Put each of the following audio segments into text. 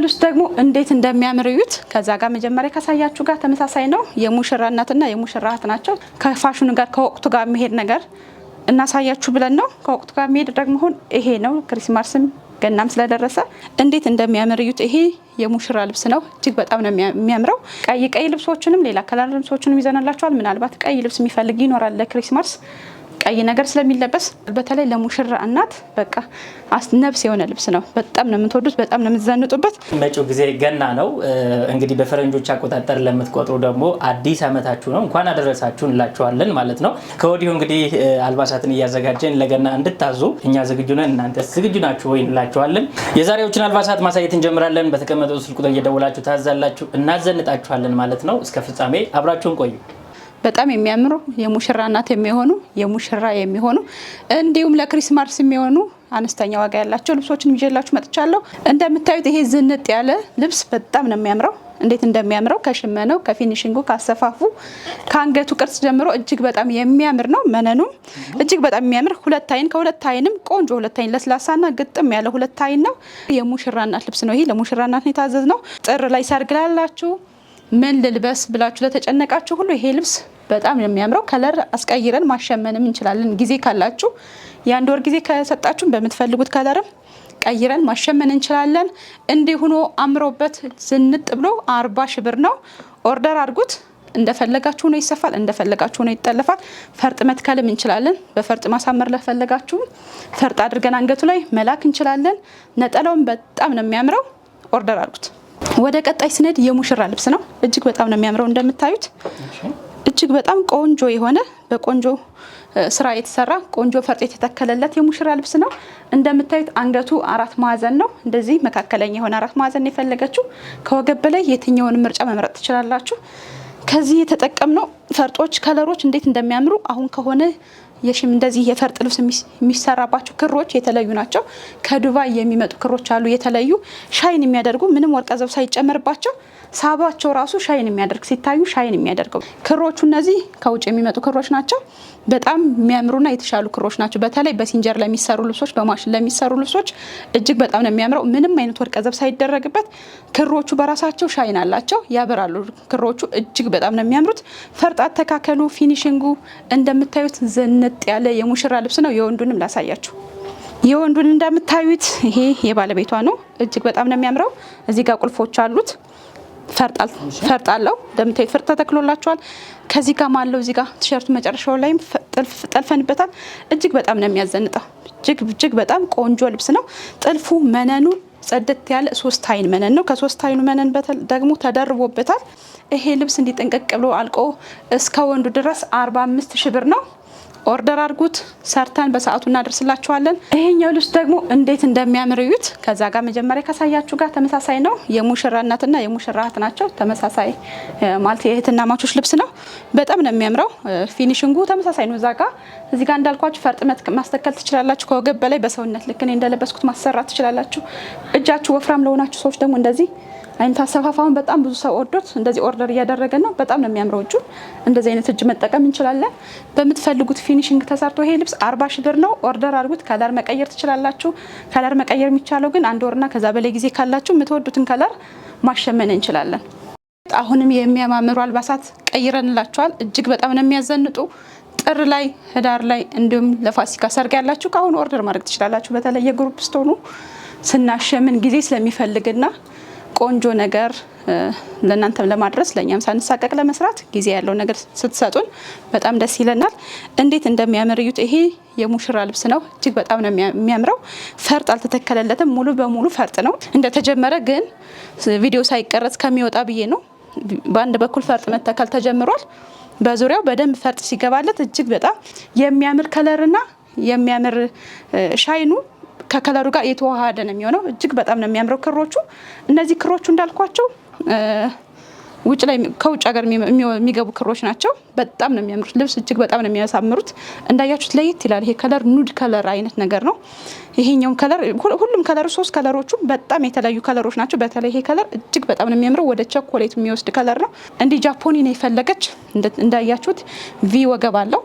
ክፍል ውስጥ ደግሞ እንዴት እንደሚያምር እዩት። ከዛ ጋር መጀመሪያ ካሳያችሁ ጋር ተመሳሳይ ነው። የሙሽራናትና የሙሽራት ናቸው። ከፋሽኑ ጋር ከወቅቱ ጋር የሚሄድ ነገር እናሳያችሁ ብለን ነው። ከወቅቱ ጋር የሚሄድ ደግሞ አሁን ይሄ ነው። ክሪስማስም ገናም ስለደረሰ እንዴት እንደሚያምር እዩት። ይሄ የሙሽራ ልብስ ነው። እጅግ በጣም ነው የሚያምረው። ቀይ ቀይ ልብሶችንም ሌላ ከለር ልብሶችንም ይዘናላቸዋል። ምናልባት ቀይ ልብስ የሚፈልግ ይኖራል ለክሪስማስ ቀይ ነገር ስለሚለበስ በተለይ ለሙሽራ እናት በቃ አስነብስ የሆነ ልብስ ነው። በጣም ነው የምትወዱት፣ በጣም ነው የምትዘንጡበት። መጪው ጊዜ ገና ነው እንግዲህ በፈረንጆች አቆጣጠር ለምትቆጥሩ ደግሞ አዲስ ዓመታችሁ ነው እንኳን አደረሳችሁ እንላችኋለን ማለት ነው። ከወዲሁ እንግዲህ አልባሳትን እያዘጋጀን ለገና እንድታዙ እኛ ዝግጁ ነን፣ እናንተ ዝግጁ ናችሁ ወይ እንላችኋለን። የዛሬዎችን አልባሳት ማሳየት እንጀምራለን። በተቀመጠው ስልክ ቁጥር እየደውላችሁ ታዛላችሁ፣ እናዘንጣችኋለን ማለት ነው። እስከ ፍጻሜ አብራችሁን ቆዩ። በጣም የሚያምሩ የሙሽራ እናት የሚሆኑ የሙሽራ የሚሆኑ እንዲሁም ለክሪስማስ የሚሆኑ አነስተኛ ዋጋ ያላቸው ልብሶችን ይዤላችሁ መጥቻለሁ። እንደምታዩት ይሄ ዝንጥ ያለ ልብስ በጣም ነው የሚያምረው። እንዴት እንደሚያምረው ከሽመነው፣ ከፊኒሽንጉ፣ ካሰፋፉ፣ ከአንገቱ ቅርጽ ጀምሮ እጅግ በጣም የሚያምር ነው። መነኑም እጅግ በጣም የሚያምር ሁለት አይን ከሁለት አይንም ቆንጆ ሁለት አይን ለስላሳና ግጥም ያለ ሁለት አይን ነው። የሙሽራ እናት ልብስ ነው ይሄ። ለሙሽራ እናት ነው የታዘዝ ነው። ጥር ላይ ሰርግ ላላችሁ ምን ልልበስ ብላችሁ ለተጨነቃችሁ ሁሉ ይሄ ልብስ በጣም የሚያምረው ከለር አስቀይረን ማሸመንም እንችላለን። ጊዜ ካላችሁ የአንድ ወር ጊዜ ከሰጣችሁን በምትፈልጉት ከለርም ቀይረን ማሸመን እንችላለን። እንዲህ ሆኖ አምሮበት ዝንጥ ብሎ አርባ ሺህ ብር ነው። ኦርደር አድርጉት። እንደፈለጋችሁ ሆኖ ይሰፋል፣ እንደፈለጋችሁ ሆኖ ይጠለፋል። ፈርጥ መትከልም እንችላለን። በፈርጥ ማሳመር ለፈለጋችሁም ፈርጥ አድርገን አንገቱ ላይ መላክ እንችላለን። ነጠላውም በጣም ነው የሚያምረው። ኦርደር አድርጉት። ወደ ቀጣይ ስንሄድ የሙሽራ ልብስ ነው። እጅግ በጣም ነው የሚያምረው እንደምታዩት እጅግ በጣም ቆንጆ የሆነ በቆንጆ ስራ የተሰራ ቆንጆ ፈርጥ የተተከለለት የሙሽራ ልብስ ነው። እንደምታዩት አንገቱ አራት ማዕዘን ነው። እንደዚህ መካከለኛ የሆነ አራት ማዕዘን የፈለገችው ከወገብ በላይ የትኛውን ምርጫ መምረጥ ትችላላችሁ። ከዚህ የተጠቀምነው ፈርጦች ከለሮች እንዴት እንደሚያምሩ አሁን ከሆነ የሽም እንደዚህ የፈርጥ ልብስ የሚሰራባቸው ክሮች የተለዩ ናቸው። ከዱባይ የሚመጡ ክሮች አሉ የተለዩ ሻይን የሚያደርጉ ምንም ወርቀ ዘብ ሳይጨመርባቸው ሳባቸው ራሱ ሻይን የሚያደርግ ሲታዩ ሻይን የሚያደርገው ክሮቹ እነዚህ ከውጭ የሚመጡ ክሮች ናቸው። በጣም የሚያምሩና የተሻሉ ክሮች ናቸው። በተለይ በሲንጀር ለሚሰሩ ልብሶች፣ በማሽን ለሚሰሩ ልብሶች እጅግ በጣም ነው የሚያምረው። ምንም አይነት ወርቀ ዘብ ሳይደረግበት ክሮቹ በራሳቸው ሻይን አላቸው፣ ያበራሉ። ክሮቹ እጅግ በጣም ነው የሚያምሩት። ፈርጥ አተካከሉ፣ ፊኒሽንጉ እንደምታዩት ዝንጥ ያለ የሙሽራ ልብስ ነው። የወንዱንም ላሳያችሁ። የወንዱን እንደምታዩት ይሄ የባለቤቷ ነው። እጅግ በጣም ነው የሚያምረው። እዚህ ጋር ቁልፎች አሉት። ፈርጣል ፈርጣለው እንደምታዩት ፍርጥ ተተክሎላቸዋል። ከዚህ ጋር ማለው እዚህ ጋር ቲሸርቱ መጨረሻው ላይም ጠልፈንበታል። እጅግ በጣም ነው የሚያዘንጠው። እጅግ እጅግ በጣም ቆንጆ ልብስ ነው። ጥልፉ መነኑ ጸድት ያለ ሶስት አይን መነን ነው። ከሶስት አይኑ መነን ደግሞ ተደርቦበታል። ይሄ ልብስ እንዲጠንቀቅ ብሎ አልቆ እስከ ወንዱ ድረስ 45 ሺህ ብር ነው። ኦርደር አድርጉት። ሰርተን በሰዓቱ እናደርስላችኋለን። ይሄኛው ልብስ ደግሞ እንዴት እንደሚያምር እዩት። ከዛ ጋር መጀመሪያ ካሳያችሁ ጋር ተመሳሳይ ነው። የሙሽራነትና የሙሽራት ናቸው። ተመሳሳይ ማለት የእህትና ማቾች ልብስ ነው። በጣም ነው የሚያምረው። ፊኒሽንጉ ተመሳሳይ ነው። እዛ ጋር እዚህ ጋር እንዳልኳችሁ ፈርጥ ማስተከል ትችላላችሁ። ከወገብ በላይ በሰውነት ልክ እኔ እንደለበስኩት ማሰራት ትችላላችሁ። እጃችሁ ወፍራም ለሆናችሁ ሰዎች ደግሞ እንደዚህ አይነት አሰፋፍ በጣም ብዙ ሰው ወዶት እንደዚህ ኦርደር እያደረገ ነው። በጣም ነው የሚያምረው። እጁ እንደዚህ አይነት እጅ መጠቀም እንችላለን። በምትፈልጉት ፊኒሽንግ ተሰርቶ ይሄ ልብስ አርባ ሺ ብር ነው። ኦርደር አድርጉት። ከለር መቀየር ትችላላችሁ። ከለር መቀየር የሚቻለው ግን አንድ ወርና ከዛ በላይ ጊዜ ካላችሁ የምትወዱትን ከለር ማሸመን እንችላለን። አሁንም የሚያማምሩ አልባሳት ቀይረንላችኋል። እጅግ በጣም ነው የሚያዘንጡ ጥር ላይ ህዳር ላይ እንዲሁም ለፋሲካ ሰርግ ያላችሁ ከአሁኑ ኦርደር ማድረግ ትችላላችሁ። በተለይ የግሩፕ ስቶኑ ስናሸምን ጊዜ ስለሚፈልግና ቆንጆ ነገር ለእናንተም ለማድረስ ለእኛም ሳንሳቀቅ ለመስራት ጊዜ ያለው ነገር ስትሰጡን በጣም ደስ ይለናል። እንዴት እንደሚያምር እዩት። ይሄ የሙሽራ ልብስ ነው። እጅግ በጣም ነው የሚያምረው። ፈርጥ አልተተከለለትም። ሙሉ በሙሉ ፈርጥ ነው። እንደተጀመረ ግን ቪዲዮ ሳይቀረጽ ከሚወጣ ብዬ ነው። በአንድ በኩል ፈርጥ መተከል ተጀምሯል። በዙሪያው በደንብ ፈርጥ ሲገባለት እጅግ በጣም የሚያምር ከለርና የሚያምር ሻይኑ ከከለሩ ጋር የተዋሃደ ነው የሚሆነው። እጅግ በጣም ነው የሚያምረው ክሮቹ። እነዚህ ክሮቹ እንዳልኳቸው ውጭ ላይ ከውጭ ሀገር የሚገቡ ክሮች ናቸው። በጣም ነው የሚያምሩት ልብስ እጅግ በጣም ነው የሚያሳምሩት። እንዳያችሁት ለየት ይላል። ይሄ ከለር ኑድ ከለር አይነት ነገር ነው። ይሄኛውም ከለር ሁሉም ከለር ሶስት ከለሮቹ በጣም የተለያዩ ከለሮች ናቸው። በተለይ ይሄ ከለር እጅግ በጣም ነው የሚያምረው። ወደ ቸኮሌት የሚወስድ ከለር ነው። እንዲህ ጃፖኒ ነው የፈለገች። እንዳያችሁት ቪ ወገብ አለው።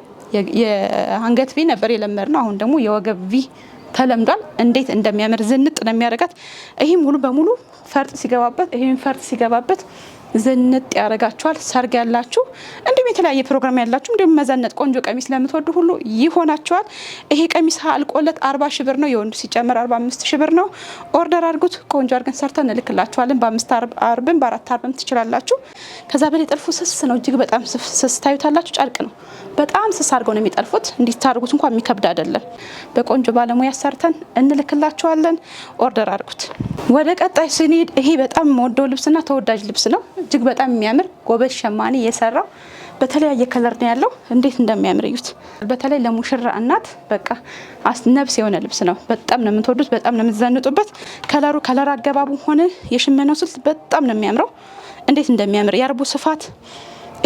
የአንገት ቪ ነበር የለመድ ነው። አሁን ደግሞ የወገብ ቪ ተለምዷል። እንዴት እንደሚያምር ዝንጥ ነው የሚያደርጋት። ይህም ሙሉ በሙሉ ፈርጥ ሲገባበት ይህም ፈርጥ ሲገባበት ዝንጥ ያደርጋችኋል። ሰርግ ያላችሁ እንዲሁም የተለያየ ፕሮግራም ያላችሁ እንዲሁም መዘነጥ ቆንጆ ቀሚስ ለምትወዱ ሁሉ ይሆናችኋል። ይሄ ቀሚስ አልቆለት አርባ ሺ ብር ነው። የወንዱ ሲጨመር አርባ አምስት ሺ ብር ነው። ኦርደር አድርጉት። ቆንጆ አድርገን ሰርተን እንልክላችኋለን። በአምስት አርብም በአራት አርብም ትችላላችሁ። ከዛ በላይ ጥልፉ ስስ ነው። እጅግ በጣም ስስ ታዩታላችሁ። ጨርቅ ነው። በጣም ስስ አድርገው ነው የሚጠልፉት። እንዲታርጉት እንኳን የሚከብድ አይደለም። በቆንጆ ባለሙያ ሰርተን እንልክላችኋለን። ኦርደር አድርጉት። ወደ ቀጣይ ስንሄድ ይሄ በጣም መወደው ልብስና ተወዳጅ ልብስ ነው። እጅግ በጣም የሚያምር ጎበዝ ሸማኔ የሰራው በተለያየ ከለር ነው ያለው። እንዴት እንደሚያምር እዩት። በተለይ ለሙሽራ እናት በቃ ነብስ የሆነ ልብስ ነው። በጣም ነው የምትወዱት፣ በጣም ነው የምትዘንጡበት። ከለሩ ከለር አገባቡ ሆነ የሽመናው ስልት በጣም ነው የሚያምረው። እንዴት እንደሚያምር የአርቡ ስፋት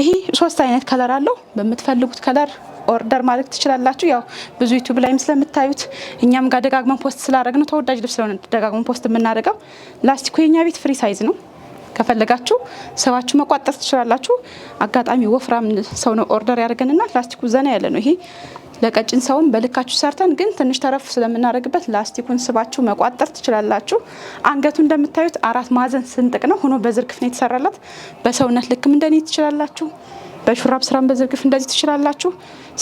ይሄ ሶስት አይነት ከለር አለው። በምትፈልጉት ከለር ኦርደር ማድረግ ትችላላችሁ። ያው ብዙ ዩቱብ ላይም ስለምታዩት እኛም ጋር ደጋግመን ፖስት ስላደረግ ነው ተወዳጅ ልብስ ስለሆነ ደጋግመን ፖስት የምናደርገው። ላስቲኩ የኛ ቤት ፍሪ ሳይዝ ነው። ከፈለጋችሁ ሰባችሁ መቋጠር ትችላላችሁ። አጋጣሚ ወፍራም ሰው ነው ኦርደር ያደርገንና ላስቲኩ ዘና ያለ ነው። ይሄ ለቀጭን ሰውም በልካችሁ ሰርተን ግን ትንሽ ተረፍ ስለምናደርግበት ላስቲኩን ስባችሁ መቋጠር ትችላላችሁ። አንገቱ እንደምታዩት አራት ማዕዘን ስንጥቅ ነው ሆኖ በዝርግፍ ነው የተሰራላት። በሰውነት ልክም እንደኔ ትችላላችሁ። በሹራብ ስራም በዝርግፍ እንደዚህ ትችላላችሁ።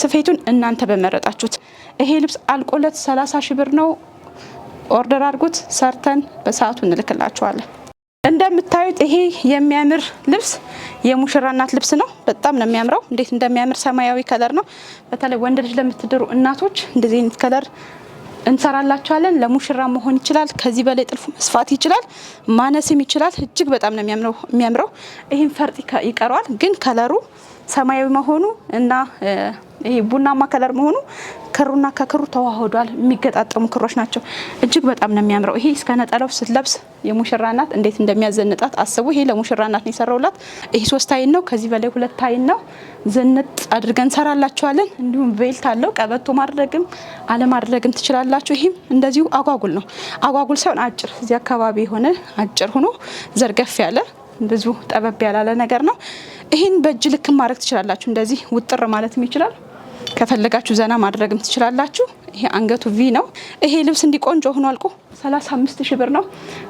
ስፌቱን እናንተ በመረጣችሁት። ይሄ ልብስ አልቆለት ሰላሳ ሺ ብር ነው። ኦርደር አድርጉት። ሰርተን በሰዓቱ እንልክላችኋለን። እንደምታዩት ይሄ የሚያምር ልብስ የሙሽራ እናት ልብስ ነው። በጣም ነው የሚያምረው። እንዴት እንደሚያምር ሰማያዊ ከለር ነው። በተለይ ወንድ ልጅ ለምትድሩ እናቶች እንደዚህ አይነት ከለር እንሰራላቸዋለን። ለሙሽራ መሆን ይችላል። ከዚህ በላይ ጥልፉ መስፋት ይችላል፣ ማነስም ይችላል። እጅግ በጣም ነው የሚያምረው። ይህም ፈርጥ ይቀረዋል፣ ግን ከለሩ ሰማያዊ መሆኑ እና ይሄ ቡናማ ከለር መሆኑ ክሩና ከክሩ ተዋህዷል። የሚገጣጠሙ ክሮች ናቸው። እጅግ በጣም ነው የሚያምረው። ይሄ እስከ ነጠላው ስትለብስ የሙሽራ እንዴት እንደሚያዘንጣት አስቡ። ይሄ ለሙሽራ እናት ነው የሰራውላት። ይሄ ሶስት አይን ነው። ከዚህ በላይ ሁለት አይን ነው። ዝንጥ አድርገን ሰራላችኋለን። እንዲሁም ቬልት አለው። ቀበቶ ማድረግም አለማድረግም ትችላላችሁ። ይህም እንደዚሁ አጓጉል ነው። አጓጉል ሳይሆን አጭር፣ እዚህ አካባቢ የሆነ አጭር ሆኖ ዘርገፍ ያለ ብዙ ጠበብ ያላለ ነገር ነው። ይህን በእጅ ልክ ማድረግ ትችላላችሁ። እንደዚህ ውጥር ማለትም ይችላል። ከፈለጋችሁ ዘና ማድረግም ትችላላችሁ። ይሄ አንገቱ ቪ ነው። ይሄ ልብስ እንዲቆንጆ ቆንጆ ሆኖ አልቆ 35 ሺህ ብር ነው።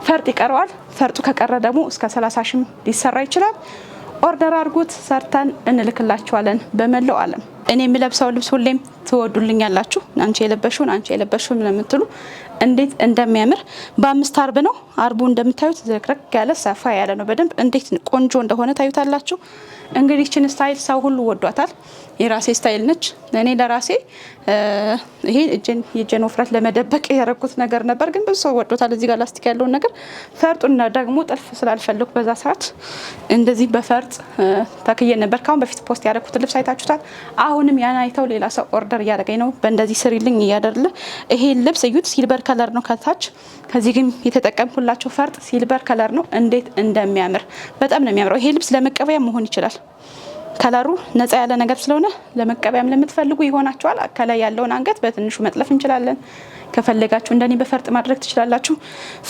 ፈርጥ ይቀረዋል። ፈርጡ ከቀረ ደግሞ እስከ 30 ሺህ ሊሰራ ይችላል። ኦርደር አድርጉት፣ ሰርተን እንልክላችኋለን። በመላው ዓለም እኔ የምለብሰው ልብስ ሁሌም ትወዱልኝ ያላችሁ አንቺ የለበሽውን አንቺ የለበሽውን ለምትሉ እንዴት እንደሚያምር በአምስት አርብ ነው። አርቡ እንደምታዩት ዝረክረክ ያለ ሰፋ ያለ ነው። በደንብ እንዴት ቆንጆ እንደሆነ ታዩታላችሁ። እንግዲህ ችን ስታይል ሰው ሁሉ ወዷታል። የራሴ ስታይል ነች። እኔ ለራሴ ይሄ የእጄን ውፍረት ለመደበቅ ያረኩት ነገር ነበር፣ ግን ብዙ ሰው ወዶታል። እዚህ ጋር ላስቲክ ያለውን ነገር ፈርጡና ደግሞ ጥልፍ ስላልፈልኩ በዛ ሰዓት እንደዚህ በፈርጥ ተክዬ ነበር። ካሁን በፊት ፖስት ያደረኩትን ልብስ አይታችሁታል። አሁንም ያን አይተው ሌላ ሰው ኦርደር ሞከር እያደረገኝ ነው። በእንደዚህ ስሪልኝ እያደርለ ይሄ ልብስ እዩት፣ ሲልበር ከለር ነው ከታች። ከዚህ ግን የተጠቀምኩላቸው ፈርጥ ሲልበር ከለር ነው። እንዴት እንደሚያምር በጣም ነው የሚያምረው። ይሄ ልብስ ለመቀበያ መሆን ይችላል። ከለሩ ነጻ ያለ ነገር ስለሆነ ለመቀበያም ለምትፈልጉ ይሆናቸዋል። ከላይ ያለውን አንገት በትንሹ መጥለፍ እንችላለን። ከፈለጋችሁ እንደኔ በፈርጥ ማድረግ ትችላላችሁ።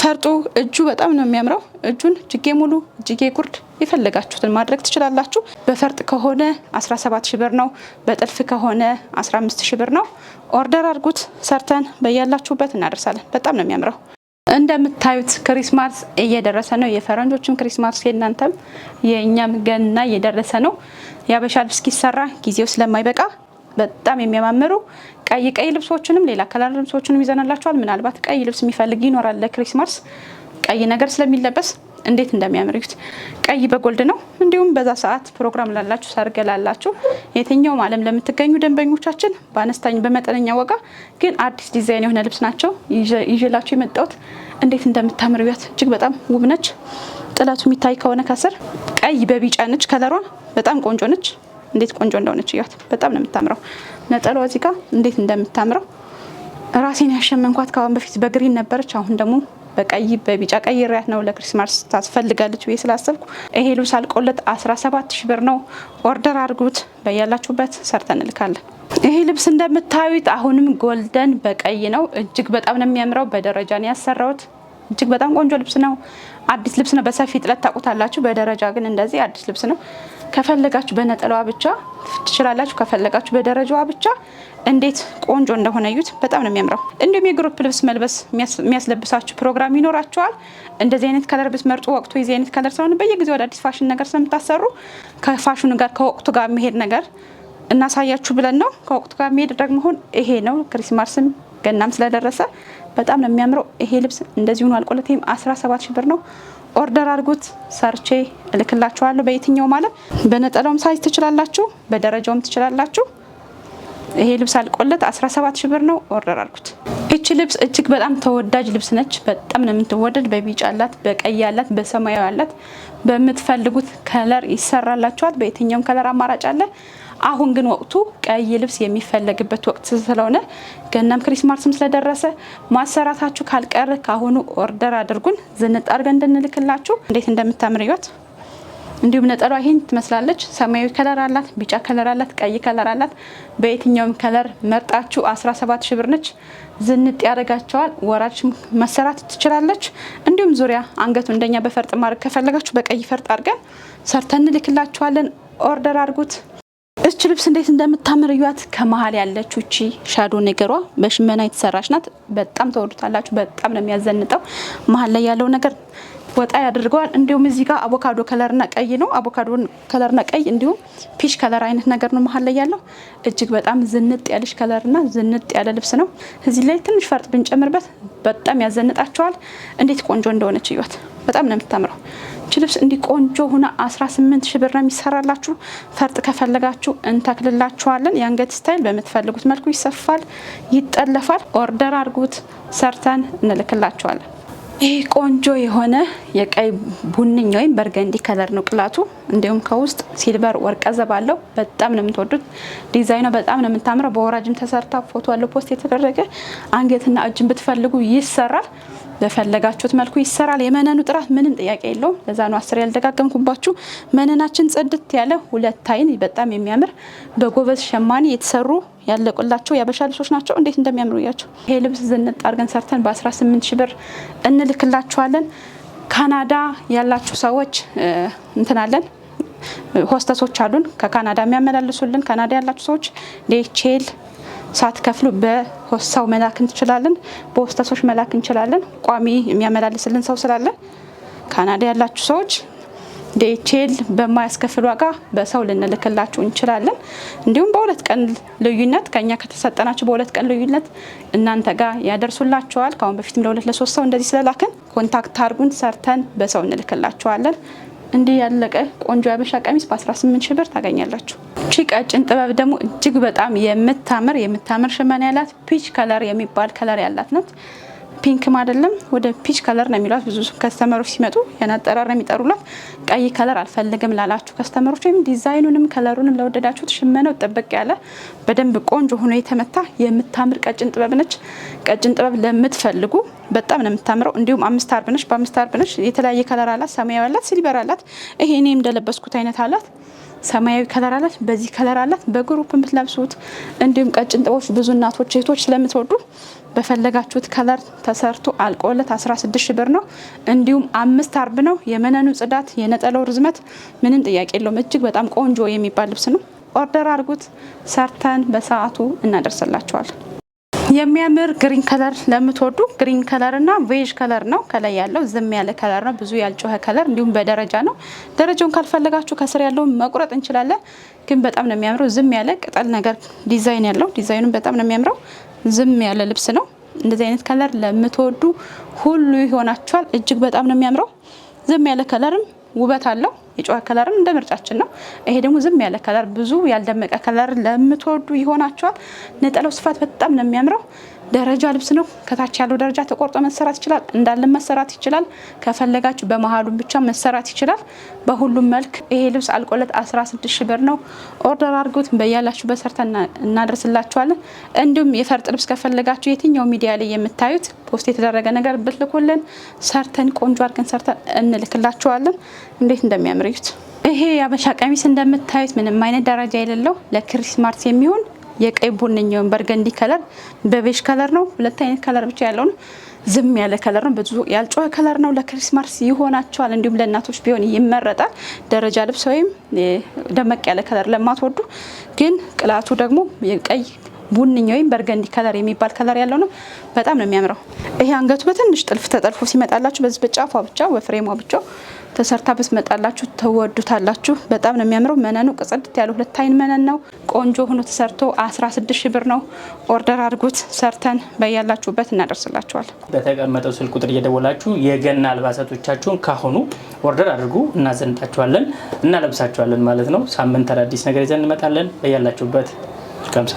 ፈርጡ እጁ በጣም ነው የሚያምረው። እጁን እጅጌ ሙሉ፣ እጅጌ ጉርድ የፈለጋችሁትን ማድረግ ትችላላችሁ። በፈርጥ ከሆነ 17 ሽብር ብር ነው። በጥልፍ ከሆነ 15 ሺህ ብር ነው። ኦርደር አድርጉት፣ ሰርተን በያላችሁበት እናደርሳለን። በጣም ነው የሚያምረው። እንደምታዩት ክሪስማስ እየደረሰ ነው። የፈረንጆችም ክሪስማስ የእናንተም የእኛም ገና እየደረሰ ነው። የአበሻ ልብስ እስኪሰራ ጊዜው ስለማይበቃ በጣም የሚያማምሩ ቀይ ቀይ ልብሶችንም ሌላ ከለር ልብሶችንም ይዘናላችኋል። ምናልባት ቀይ ልብስ የሚፈልግ ይኖራል ለክሪስማስ ቀይ ነገር ስለሚለበስ እንዴት እንደሚያምር ቀይ በጎልድ ነው። እንዲሁም በዛ ሰዓት ፕሮግራም ላላችሁ፣ ሰርግ ላላችሁ፣ የትኛውም ዓለም ለምትገኙ ደንበኞቻችን በአነስተኝ በመጠነኛ ዋጋ ግን አዲስ ዲዛይን የሆነ ልብስ ናቸው ይዤላችሁ የመጣሁት። እንዴት እንደምታምር እጅግ በጣም ውብ ነች። ጥለቱ የሚታይ ከሆነ ከስር ቀይ በቢጫ ነች። ከለሯ በጣም ቆንጆ ነች። እንዴት ቆንጆ እንደሆነች እያት። በጣም ነው የምታምረው። ነጠሏ እዚህ ጋር እንዴት እንደምታምረው ራሴን ያሸመንኳት ከአሁን በፊት በግሪን ነበረች። አሁን ደግሞ በቀይ በቢጫ ቀይሬያት ነው ለክሪስማስ ታስፈልጋለች ብዬ ስላሰብኩ ይሄ ልብስ አልቆለት 17 ሺ ብር ነው። ኦርደር አድርጉት። በያላችሁበት ሰርተን እንልካለን። ይሄ ልብስ እንደምታዩት አሁንም ጎልደን በቀይ ነው። እጅግ በጣም ነው የሚያምረው። በደረጃ ነው ያሰራውት። እጅግ በጣም ቆንጆ ልብስ ነው። አዲስ ልብስ ነው። በሰፊ ጥለት ታውቁታላችሁ። በደረጃ ግን እንደዚህ አዲስ ልብስ ነው። ከፈለጋችሁ በነጠላዋ ብቻ ትችላላችሁ። ከፈለጋችሁ በደረጃዋ ብቻ እንዴት ቆንጆ እንደሆነ እዩት። በጣም ነው የሚያምረው። እንዲሁም የግሩፕ ልብስ መልበስ የሚያስለብሳችሁ ፕሮግራም ይኖራችኋል። እንደዚህ አይነት ከለር ብትመርጡ ወቅቱ የዚህ አይነት ከለር ስለሆነ በየጊዜው አዳዲስ ፋሽን ነገር ስለምታሰሩ ከፋሽኑ ጋር ከወቅቱ ጋር የሚሄድ ነገር እናሳያችሁ ብለን ነው። ከወቅቱ ጋር የሚሄድ ደግሞ ይሄ ነው። ክሪስማስም ገናም ስለደረሰ በጣም ነው የሚያምረው። ይሄ ልብስ እንደዚህ ነው አልቆለት። ይሄም 17 ሺህ ብር ነው። ኦርደር አድርጉት፣ ሰርቼ እልክላችኋለሁ። በየትኛው ማለት በነጠላውም ሳይዝ ትችላላችሁ፣ በደረጃውም ትችላላችሁ። ይሄ ልብስ አልቆለት 17 ሺህ ብር ነው። ኦርደር አድርጉት። እቺ ልብስ እጅግ በጣም ተወዳጅ ልብስ ነች። በጣም ነው የምትወደድ። በቢጫ አላት፣ በቀይ አላት፣ በሰማያዊ አላት። በምትፈልጉት ከለር ይሰራላችኋል። በየትኛውም ከለር አማራጭ አለ። አሁን ግን ወቅቱ ቀይ ልብስ የሚፈለግበት ወቅት ስለሆነ ገናም ክሪስማስም ስለደረሰ ማሰራታችሁ ካልቀረ ካሁኑ ኦርደር አድርጉን ዝንጥ አድርገን እንድንልክላችሁ። እንዴት እንደምታምር ይወት እንዲሁም ነጠሏ ይህን ትመስላለች። ሰማያዊ ከለር አላት፣ ቢጫ ከለር አላት፣ ቀይ ከለር አላት። በየትኛውም ከለር መርጣችሁ 17 ሺ ብር ነች። ዝንጥ ያደርጋቸዋል። ወራች መሰራት ትችላለች። እንዲሁም ዙሪያ አንገቱ እንደኛ በፈርጥ ማድረግ ከፈለጋችሁ በቀይ ፈርጥ አድርገን ሰርተን እንልክላችኋለን። ኦርደር አድርጉት። እች ልብስ እንዴት እንደምታምር እዩት። ከመሀል ያለችው እቺ ሻዶ ነገሯ በሽመና የተሰራች ናት። በጣም ተወዱታላችሁ። በጣም ነው የሚያዘንጠው። መሀል ላይ ያለው ነገር ወጣ ያደርገዋል። እንዲሁም እዚህ ጋር አቮካዶ ከለርና ቀይ ነው። አቮካዶ ከለርና ቀይ እንዲሁም ፒሽ ከለር አይነት ነገር ነው መሀል ላይ ያለው። እጅግ በጣም ዝንጥ ያለች ከለርና ዝንጥ ያለ ልብስ ነው። እዚህ ላይ ትንሽ ፈርጥ ብንጨምርበት በጣም ያዘንጣቸዋል። እንዴት ቆንጆ እንደሆነች እዩት። በጣም ነው የምታምረው። እች ልብስ እንዲህ ቆንጆ ሁና 18 ሺ ብር ነው የሚሰራላችሁ። ፈርጥ ከፈለጋችሁ እንተክልላችኋለን። የአንገት ስታይል በምትፈልጉት መልኩ ይሰፋል፣ ይጠለፋል። ኦርደር አድርጉት፣ ሰርተን እንልክላችኋለን። ይህ ቆንጆ የሆነ የቀይ ቡንኝ ወይም በርገንዲ ከለር ነው ቅላቱ። እንዲሁም ከውስጥ ሲልቨር ወርቀ ዘብ አለው። በጣም ነው የምትወዱት። ዲዛይኗ በጣም ነው የምታምረው። በወራጅም ተሰርታ ፎቶ አለው ፖስት የተደረገ አንገትና እጅን ብትፈልጉ ይሰራል። በፈለጋችሁት መልኩ ይሰራል። የመነኑ ጥራት ምንም ጥያቄ የለውም። ለዛ ነው አስር ያልደጋገምኩባችሁ። መነናችን ጽድት ያለ ሁለት አይን በጣም የሚያምር በጎበዝ ሸማኔ የተሰሩ ያለቁላቸው ያበሻ ልብሶች ናቸው። እንዴት እንደሚያምሩ እያቸው። ይሄ ልብስ ዝንጥ አድርገን ሰርተን በ18 ሺ ብር እንልክላችኋለን። ካናዳ ያላችሁ ሰዎች እንትናለን ሆስተሶች አሉን ከካናዳ የሚያመላልሱልን። ካናዳ ያላችሁ ሰዎች ዴቼል ሳትከፍሉ በሆሳው መላክ እንችላለን፣ በሆስተሶች መላክ እንችላለን። ቋሚ የሚያመላልስልን ሰው ስላለ ካናዳ ያላችሁ ሰዎች ዴቼል በማያስከፍል ዋጋ በሰው ልንልክላችሁ እንችላለን። እንዲሁም በሁለት ቀን ልዩነት ከኛ ከተሰጠናችሁ በሁለት ቀን ልዩነት እናንተ ጋር ያደርሱላችኋል። ከአሁን በፊትም ለሁለት ለሶስት ሰው እንደዚህ ስለላክን ኮንታክት አርጉን፣ ሰርተን በሰው እንልክላችኋለን። እንዲህ ያለቀ ቆንጆ ያበሻ ቀሚስ በ18 ሺህ ብር ታገኛላችሁ። ቺ ቀጭን ጥበብ ደግሞ እጅግ በጣም የምታምር የምታምር ሽመና ያላት ፒች ከለር የሚባል ከለር ያላት ናት። ፒንክም አይደለም ወደ ፒች ከለር ነው የሚሏት። ብዙ ከስተመሮች ሲመጡ ያን አጠራር ነው የሚጠሩላት። ቀይ ከለር አልፈልግም ላላችሁ ከስተመሮች ወይም ዲዛይኑንም ከለሩንም ለወደዳችሁት ሽመነው ጠበቅ ያለ በደንብ ቆንጆ ሆኖ የተመታ የምታምር ቀጭን ጥበብ ነች። ቀጭን ጥበብ ለምትፈልጉ በጣም ነው የምታምረው። እንዲሁም አምስት አርብ ነች። በአምስት አርብ ነች የተለያየ ከለር አላት። ሰማያዊ አላት፣ ሲልቨር አላት። ይሄ እኔ እንደለበስኩት አይነት አላት። ሰማያዊ ከለር አላት። በዚህ ከለር አላት። በግሩፕ የምትለብሱት እንዲሁም ቀጭን ጥበቦች ብዙ እናቶች እህቶች ስለምትወዱ በፈለጋችሁት ከለር ተሰርቶ አልቆለት 16 ሺ ብር ነው። እንዲሁም አምስት አርብ ነው። የመነኑ ጽዳት፣ የነጠላው ርዝመት ምንም ጥያቄ የለውም። እጅግ በጣም ቆንጆ የሚባል ልብስ ነው። ኦርደር አድርጉት፣ ሰርተን በሰዓቱ እናደርሰላቸዋል። የሚያምር ግሪን ከለር ለምትወዱ ግሪን ከለር እና ቬዥ ከለር ነው። ከላይ ያለው ዝም ያለ ከለር ነው፣ ብዙ ያልጮኸ ከለር። እንዲሁም በደረጃ ነው። ደረጃውን ካልፈለጋችሁ ከስር ያለውን መቁረጥ እንችላለን፣ ግን በጣም ነው የሚያምረው። ዝም ያለ ቅጠል ነገር ዲዛይን ያለው ዲዛይኑን በጣም ነው የሚያምረው። ዝም ያለ ልብስ ነው። እንደዚህ አይነት ከለር ለምትወዱ ሁሉ ይሆናችኋል። እጅግ በጣም ነው የሚያምረው። ዝም ያለ ከለርም ውበት አለው። የጨዋ ከለርም እንደ ምርጫችን ነው። ይሄ ደግሞ ዝም ያለ ከለር፣ ብዙ ያልደመቀ ከለር ለምትወዱ ይሆናችኋል። ነጠላው ስፋት በጣም ነው የሚያምረው። ደረጃ ልብስ ነው። ከታች ያለው ደረጃ ተቆርጦ መሰራት ይችላል፣ እንዳለን መሰራት ይችላል። ከፈለጋችሁ በመሀሉም ብቻ መሰራት ይችላል። በሁሉም መልክ ይሄ ልብስ አልቆለት 16 ሺ ብር ነው። ኦርደር አድርጉት፣ በያላችሁ በሰርተን እናደርስላችኋለን። እንዲሁም የፈርጥ ልብስ ከፈለጋችሁ የትኛው ሚዲያ ላይ የምታዩት ፖስት የተደረገ ነገር ብትልኩልን ሰርተን ቆንጆ አድርገን ሰርተን እንልክላችኋለን። እንዴት እንደሚያምርዩት ይሄ የአበሻ ቀሚስ እንደምታዩት ምንም አይነት ደረጃ የሌለው ለክሪስማስ የሚሆን የቀይ ቡንኛውን በርገንዲ ከለር በቤሽ ከለር ነው። ሁለት አይነት ከለር ብቻ ያለውን ዝም ያለ ከለር ነው። ብዙ ያልጮኸ ከለር ነው። ለክሪስማስ ይሆናቸዋል። እንዲሁም ለእናቶች ቢሆን ይመረጣል። ደረጃ ልብስ ወይም ደመቅ ያለ ከለር ለማትወዱ ግን ቅላቱ ደግሞ ቀይ ቡንኝ ወይም በርገንዲ ከለር የሚባል ከለር ያለው ነው። በጣም ነው የሚያምረው። ይሄ አንገቱ በትንሽ ጥልፍ ተጠልፎ ሲመጣላችሁ በዚህ በጫፏ ብቻ በፍሬሟ ብቻ ተሰርታ ብትመጣላችሁ ትወዱታላችሁ። በጣም ነው የሚያምረው። መነኑ ቅጽድት ያለ ሁለት አይን መነን ነው። ቆንጆ ሆኖ ተሰርቶ 16 ሺህ ብር ነው። ኦርደር አድርጉት፣ ሰርተን በያላችሁበት እናደርስላችኋል። በተቀመጠው ስልክ ቁጥር እየደወላችሁ የገና አልባሳቶቻችሁን ካሁኑ ኦርደር አድርጉ፣ እናዘንጣችኋለን፣ እናለብሳችኋለን ማለት ነው። ሳምንት አዳዲስ ነገር ይዘን እንመጣለን። በያላችሁበት ከምሳ